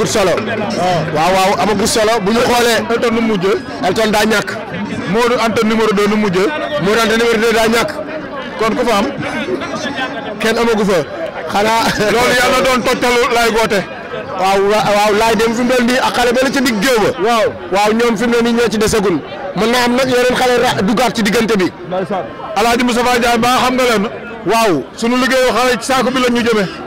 amagut solo. waaw waaw amagut solo bu ñu xoolee. Elton nu mu mujjee. Elton daa ñàkk. Modou Anta numéro 2 nu mu mujjee. Modou Anta numéro 2 daa ñàkk. kon ku fa am. kenn amagu fa. xanaa loolu yàlla doon toccalu lay goote. waaw waaw laay dem fi mu ne nii ak xale ba la ca digg géew ba. waaw waaw ñoom fi mu ne nii ñoo ci desagul. mën naa am nag yeneen xale ra duggaat ci diggante bi. alaaji Moustapha Ndiaye ba xam nga leen. waaw sunu liggéeyu xale saako bi la ñu jëmee.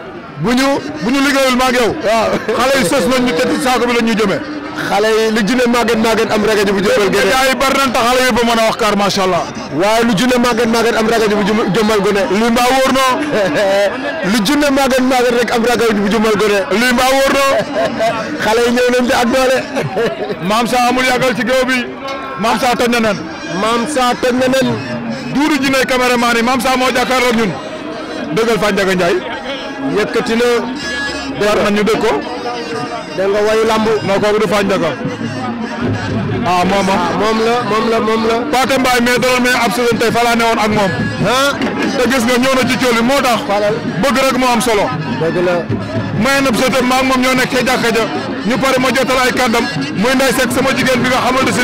bu ñu bu ñu liggéeyul maag yow. waaw xale yi sos nañ ñu te saako ñu jëmee. xale yi lu junne màgget màgget am rajo bu jëmal gone gars yi a wax kaar macha allah. waaye lu junne màgget màgget am rajo bu jëmal gone. lii mbaa wóor noo. lu junne màgget màgget rek am rajo bu jëmal gone. lii mbaa noo. xale yi ñëw nañ ci ak doole. maam sa amul yàggal ci géew bi maam saa toj na nen. maam saa toj na nen. duuru ji ne caméraman yi maam saa moo jàkkaarloog ñun dëggal Fane Ndiaga Ndiaye. yëkkati gu dégg man ñu dégg ko. dégg nga wayu lamb. non kooku du faañ dëkk. ah moom ah moom la moom la moom la. Pathé Mbaye mais dara tey fa laa ak moom. ah te gis nga ñëw na ci moo tax. bëgg rek moo am solo. dëgg la. may na sa moom ñoo nekk ca jàkka ja ñu pare ma jotal ay kàddam muy nday sekk sama jigéen bi nga xamante si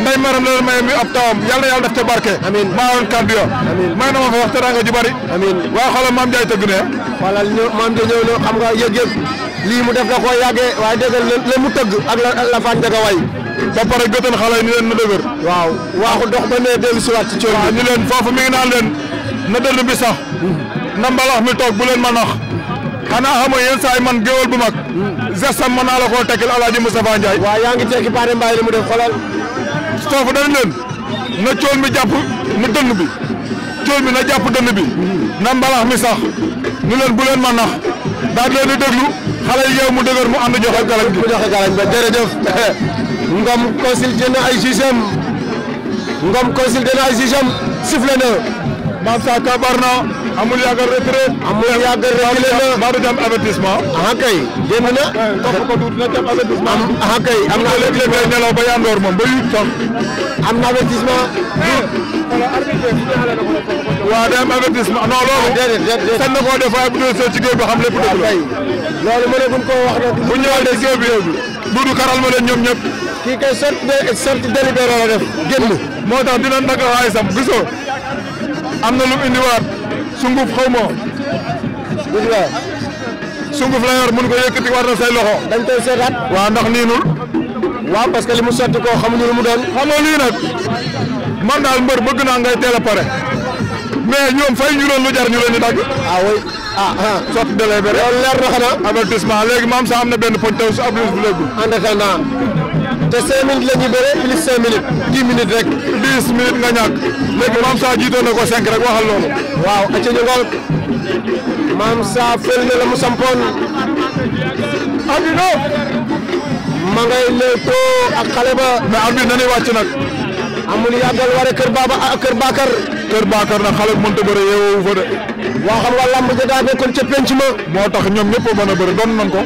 nday maram loolu may mi ab tawam yàlla yàlla def ca barke maa woon kàddu ya may na ma fa wax teranga ju bari waaye maam Ndiaye tëgg ne xoolal maam Ndiaye ñëw na xam nga yëg lii mu def da koo yàggee waaye dëggal la mu tëgg ak la faan njaga way ba pare gëtan xale yi ni leen na dëgër waaw waaxu dox ba nee dellu siwaat ci coono ñu leen foofu mi ngi naan leen na dënd bi sax hmm. na mbalax mi toog bu leen ma nax xanaa xam nga yenn saa yi man géwél bu mag gestam hmm. mën naa la koo tekkil Alaaji Moustapha Ndiaye waaw yaa ngi tekki Paate Mbaye li Moustapha dana leen na cool mi jàpp mu dënn bi cool mi na jàpp dënn bi na mbalax mi sax ni leen bu leen ma nax daal di leen di déglu xale yi yow mu dëgër mu ànd joxe galañ bi joxe galañ ba jërëjëf ngam consulté na ay sisam ngam consulté na ay sisam sifflé na Massa Kabarna amul yàggal retraite. amul yàggal retraite maa du jam avertissement. ah kay génn na. topp ko tuuti na jam avertissement. ah kay am na léeg ba yandoor moom ba yut sax. am na avertissement. waaw day am avertissement non koo def waaye bu dul soo ci géew bi xam lépp dëgg la. loolu ne bu ñu ko wax nag. bu ñëwee ci géew bi duudu karal ma leen ñoom ñëpp. kii kay sorte de sorte moo tax dina nag la waay sam gisoo am na lu mu sungguh xaw ma ya. sungguh nga mën ko yëkëti war na say loxo dañ koy sétat wa ndax niinul wa parce que li mu ko koo xamuñu lu mu doon xamoo li nak man dal mbeur bëgg na ngay téla paré mais ñoom fay ñu doon lu jar ñu leen di dag ah way ah ah sotti de lay lool leer na xana avertissement légui maam sa amna benn poñ taw si ablis bu léegul en attendant te 5 minutes la ñuy bëree plus 5 minutes 10 rek. 10 minutes nga ñàkk léegi Mame Sa jiitoon na ko 5 rek waxal loolu. waaw acca ñu ngoog Mame Sa la mu sampoon Abidou ma too ak xale ba. mais Abidou na ni amul yàggal waree kër Baba ah, kër Bakar. kër Bakar nag xale bu mënta bëre yeewoo fa de. waa xam nga lamb ja daa nekkoon ca moo tax ñoom ñëpp a mën a bëri doon nañ ko.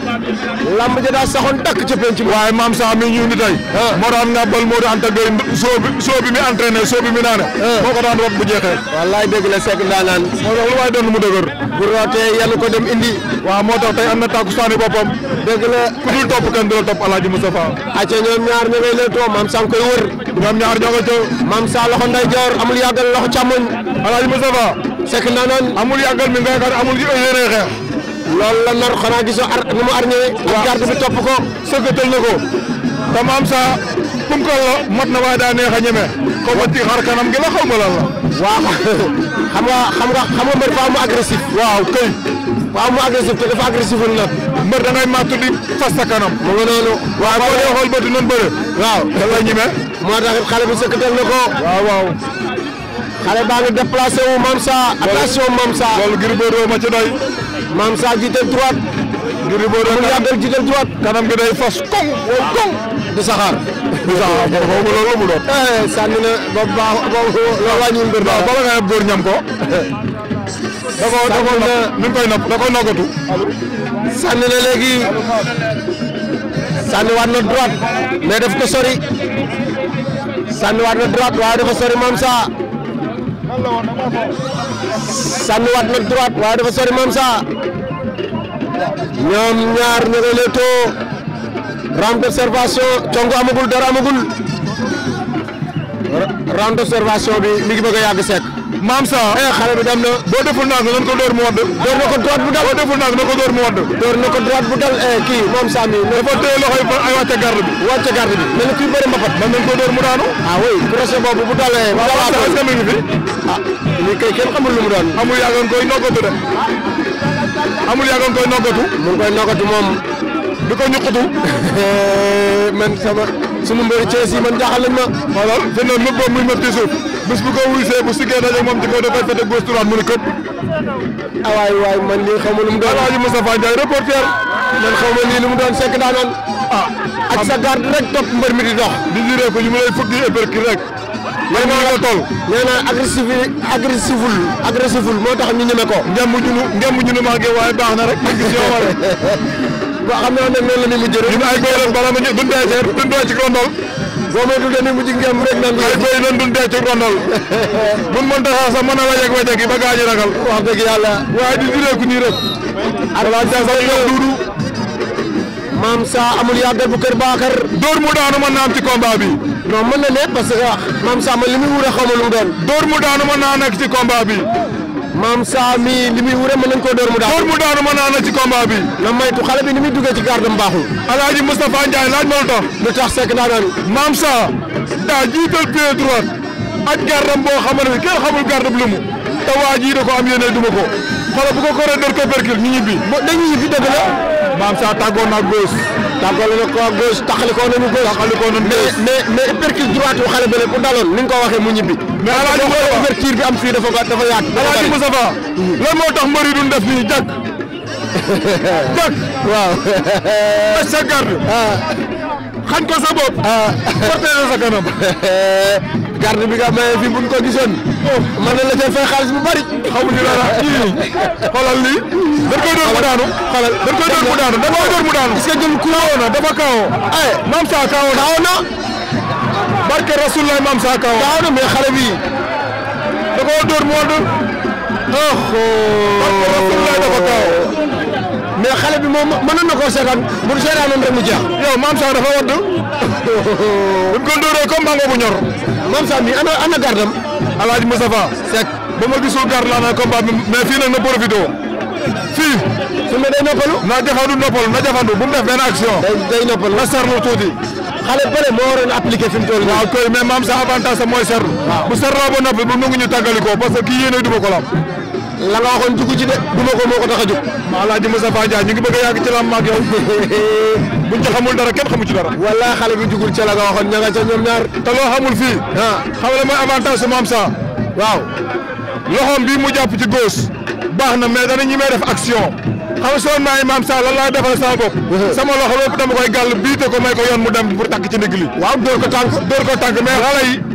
daa saxoon takk ca waaye maam sax mi ñëw ni ah. moo daan nga bal moo Anta Gueye soo bi soo bi mi entraîné soo ah. moo ko daan rot bu jeexee. wallaay dégg la Seck daa naan. moo tax mu dëgër. bu rootee yàlla ko dem indi waaw moo tax tey am na tàkkusaanu boppam dégg la ku dul topp kan du la topp Alaaji Moustapha acca ñoom ñaar ña ngay leetoo Mame Sam koy wër ñoom ñaar ñoo ko jëw Mame Sam loxo ndeyjoor amul yàggal loxo càmmoñ Alaaji Moustapha sekk na naan amul yàggal mi nga yaakaar amul yéene xeex loolu la nar xanaa gisoo ar nu mu arñee ak garde bi topp ko sëkkatal na ko te Mame sa punkal la mat na waaye daa neex a ñeme ko ba ci xar kanam gi la xaw ma la waaw xam nga xam nga xam nga mbër faa mu agressif. waaw këy. faa mu agressif te dafa agressif woon nag. mbër da ngay màtt di fas sa kanam. mu nga waaw boo dee xool ba du doon bëre. waaw da ngay ñemee. moo tax xale bi sëkkatal waaw waaw. xale baa ngi déplacé wu Mamsa. Mamsa. loolu Gris ma ci doy. Mamsa jiital droite. Gris Bordeaux mu yàggal jiital droite. kanam gi day fas koŋ koŋ. di saxaar. waaw boobu loolu la mu doon. Eh, sànni na ba baax boobu loolu wàññiwul mbir daal bala nga góor ñam ko. da koo da koo nu koy nopp da koy noggatu. sànni na léegi sànni waat na droite mais daf ko sori sànni waat na droite waaye dafa sori Mame Sa. sànni waat na droite waaye dafa sori Mame Sa. ñoom ñaar ña nga léetoo round d'observation congo amagul dara amagul round d'observation bi mi ngi bëgg yàgg sekk. maam sa eh xale bi dem na. boo deful naag na ko door mu wadd. door na ko bu dal boo deful naag na ko door mu wadd. door na ko droite bu dal eh, kii moom saa mi. dafa téye loxo ay wàcce garde bi. wàcce garde bi mel ni kuy bëri mbapat. mën nañu ko door mu daanu. ah oui projet boobu bu dalee. bu dalee waaw est-ce que mi ngi fi. Ah, kay kenn xamul lu mu doon. amul yàggoon koy noggatu de. amul yàggoon koy noggatu. di ko ñuqutu eh, man sama sunu mbéy Thiès man jaaxal ma xoolal te noonu lépp boobu muy mëb ci suuf bés bu ko wuysee bu siggee moom ci kaw dafay fete mu ne këpp. ah waay waay man lii xaw ma lu mu doon Alaaji Moustapha Ndiaye reporter man xaw ma lii lu mu doon sekk daanoon ah ak sa garde rek topp mbër mi di dox. di duré ko ñu mu lay fukki di épercule rek. léegi nag la toll nee naa agressif moo tax ñu ñeme ko. njëmb ñu ñu ne maa ngi waaye baax na rek ñu gis ñoo war waaw xam naa ne noonu la ni mu jëlee. ñu ay béy lañ balaa ma ñu duñ dee seer duñ dee ci rondol. boo moytuwul dañuy mujj ngem rek nan ay béy lañ duñ dee ci rondol. buñ mënta sax sax mën a wajeeg wajeeg yi ba wax dëgg yàlla. waaye di direeku sa amul yàggal bu kër Baakar. dóor mu daanu mën naa am ci combat bi. non mën na ne ah, sa ma li muy wut a xamul mu doon. dóor mu daanu ci combat maam saa mi li muy wure mën nañ koo door mu daanu. door mu daanu mën naa na ci combat bi. na maytu xale bi ni muy ci gardam baaxul. alaaji Moustapha Ndiaye laaj ma lu tax. lu tax sekk naa doon. maam saa daa jiital pied droit ak gardam boo xamante ne kenn xamul gardam lu mu te ko am yéene duma ko. xoolal bu ko koree dër ko percule ñu ñibbi. ba dañuy ñibbi maam saa tàggoo na góos. tàggoo na ko góos taxalikoo nañu góos. taxalikoo nañu góos mais mais mais percule droite xale bële bu daloon ni ko waxe mu ñibbi. mais alaaji Moussa ouverture bi am fii dafa dafa yaatu. dafa bëri alaaji Moussa Fa. lan moo tax mbër yi duñ def nii jàkk. jàkk. waaw. toj sa garde. Ah. xañ ko sa bopp. Ah. garde bi nga maye fii buñ ko gisoon. man na la cay fay xaalis bu bari xamuñu dara lii xoolal lii dañ koy door mu daanu xoolal dañ koy door mu daanu dañ koy door mu daanu est-ce que jël ku kawo na dafa kawo ay eh. maam sa kawo na kawo na barke rasulullah maam sa kawo kawo na mais xale bi da koo door mu wàllu oh barke rasulullah dafa kawo mais xale bi moom mënoon na koo seetaan bu ñu seetaanoon rek mu jeex yow maam sa dafa wadd buñ ko dóoree comme mango bu ñor maam sa mi ana ana gardam Alaaji Moustapha ba ma gisul gar laa na combat bi mais fii nag na profité fii su ma day noppalu na jafandu noppalu na jafandu bu mu def benn day noppalu na serlu tuuti xale bële moo waroon appliqué fi mu toll koy mais maam sa avantage sa mooy serlu bu serloo ba noppi bu nangu ñu tàggali ko parce que kii yéene du ma ko la nga waxoon jugu ci de bu ma ko moo ko tax a jóg ma alaaji Moustapha Ndiaye ñu ngi bëgg ci lamb ak yow buñ ca xamul dara kenn xamu dara wala xale bi jugul ca la nga waxoon ña nga ca ñoom ñaar te xamul fii ah xam la mooy avantage maam sa waaw loxoom bii mu jàpp ci góos baax na mais dana ñi may def action xam nga soo naay maam sa lan laay defal sama bopp uhuh. sama loxo lépp dama koy gàll biite ko may ko yoon mu dem pour takk ci ndigg li waaw dóor ko tànk dóor ko tànk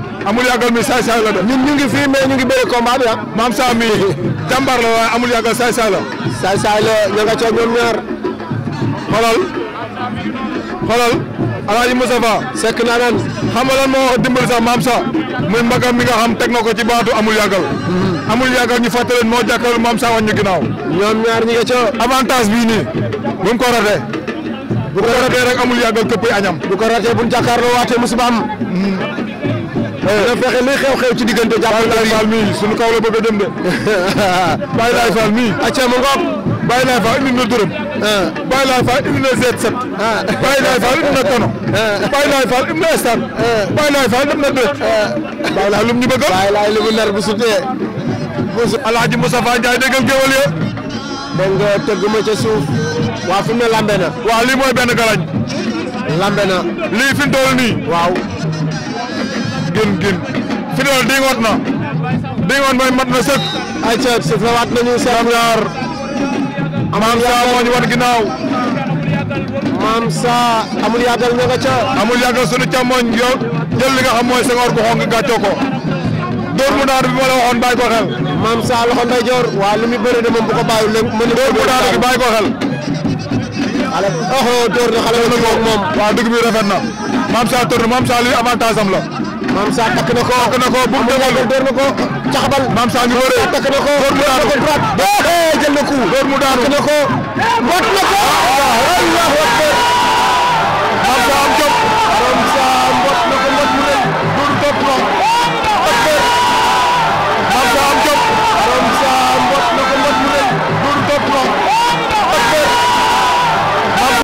amul yagal mi saay saay la de ñun ñu ngi fi mais ñu ngi bëri combat ya ah. mam sami jambar la amul yagal say saay la say saay la ñinga ci ca ñoom ñaar xolal xolal alaaji Moustapha sekk naa naan xam nga lan dimbal dimbali sax maam sa muy magam mi nga xam tek nako ci baatu amul yagal mm-hmm. amul yagal ñu fatale mo jakkal mam sa wañu ginaaw ñoom ñaar ñi nga ci avantage bi ni bu ko ratee bu ko ratee rek amul yàggal këpp añam bu ko ratee bu ñu lo waté musiba am mm. dina fexe li xew-xew ci diggante jàppale Fall mi suñu kaw la bëgg a jëm de Baye Laye Fall mi acca ma ngoog Baye Laye Fall indi na dërëm ah. Baye Laye Fall indi na seet set ah. Baye Laye Fall indi na tono ah. Baye Laye Fall indi na stade Baye Laye Fall dem na dëkk Baye Laye lu mu ñu bëgg Baye Laye lu mu nar bu sutee Alaaji Moustapha Ndiaye déggal géwal ya dégg nga tëgg ma ca suuf waa fu mu ne lambe na waaw lii mooy benn garañ lambe na lii fi mu toll nii waaw gën gën fi doon dingoot na dingoot mooy mat na sëkk ay ceeb si fawaat nañu seeram yaar Sa moo wan ginnaaw Maam Sa amul yàggal nga ca amul yàggal sunu càmmoñ yow jël li xam mooy sengoor bu xonk gàccoo ko mu daan bi ma la waxoon bàyyi ko xel Sa loxo ndey joor waa li muy bëri de moom bu ko bàyyi léegi mën dóor mu daan bi bàyyi ko xel ala oho dóor na xale na moom waa dugg bi rafet na Maam Sa tourne Maam la Mame Sarr takk na ko takk na ko bum dogal door na ko caxabal Mame Sarr ñu bëree takk na ko door mu daanu jël na ko door mu daanu takk na ko wat na ko